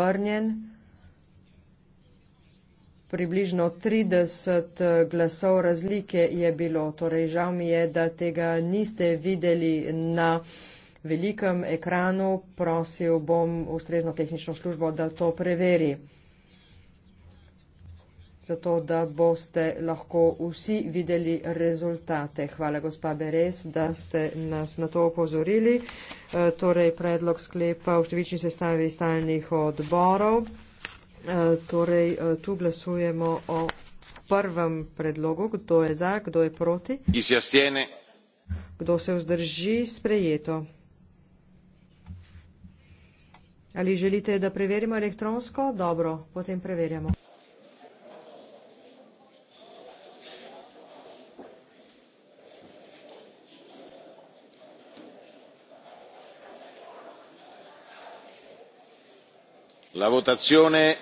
vrnjen. Približno 30 glasov razlike je bilo, torej žal mi je, da tega niste videli na velikem ekranu. Prosil bom ustrezno tehnično službo, da to preveri zato da boste lahko vsi videli rezultate. Hvala, gospa Beres, da ste nas na to opozorili. E, torej, predlog sklepa v številčni sestavi stalnih odborov. E, torej, e, tu glasujemo o prvem predlogu, kdo je za, kdo je proti. Izjastjene. Kdo se vzdrži, sprejeto. Ali želite, da preverimo elektronsko? Dobro, potem preverjamo. la votazione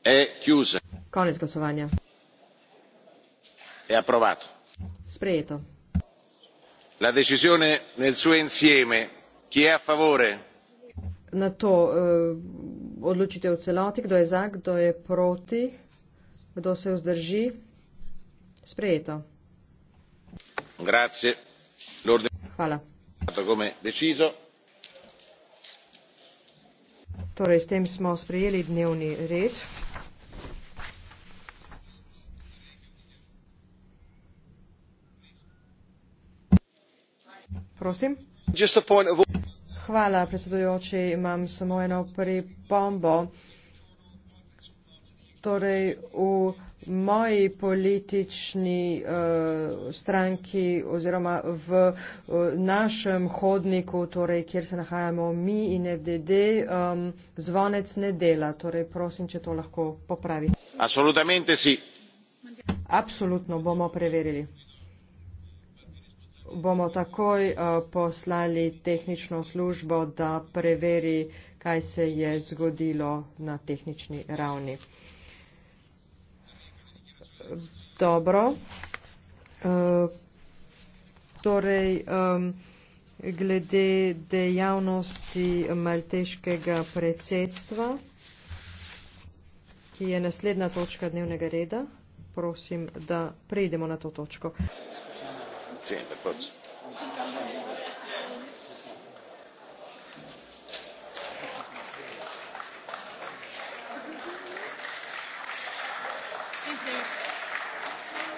è chiusa konec glasovanja è approvato sprejeto la decisione nel suo insieme chi è a favore na to uh, eh, odločite v celoti kdo je za kdo je proti kdo se vzdrži sprejeto grazie l'ordine hvala come deciso Torej, s tem smo sprejeli dnevni red. Prosim. Hvala, predsedujoči. Imam samo eno pripombo. Torej, v moji politični uh, stranki oziroma v uh, našem hodniku, torej, kjer se nahajamo mi in FDD, um, zvonec ne dela. Torej, prosim, če to lahko popravite. Absolutamente si. Absolutno bomo preverili. Bomo takoj uh, poslali tehnično službo, da preveri, kaj se je zgodilo na tehnični ravni dobro. Eh, torej, glede dejavnosti malteškega predsedstva, ki je naslednja točka dnevnega reda, prosim, da prejdemo na to točko. Is there?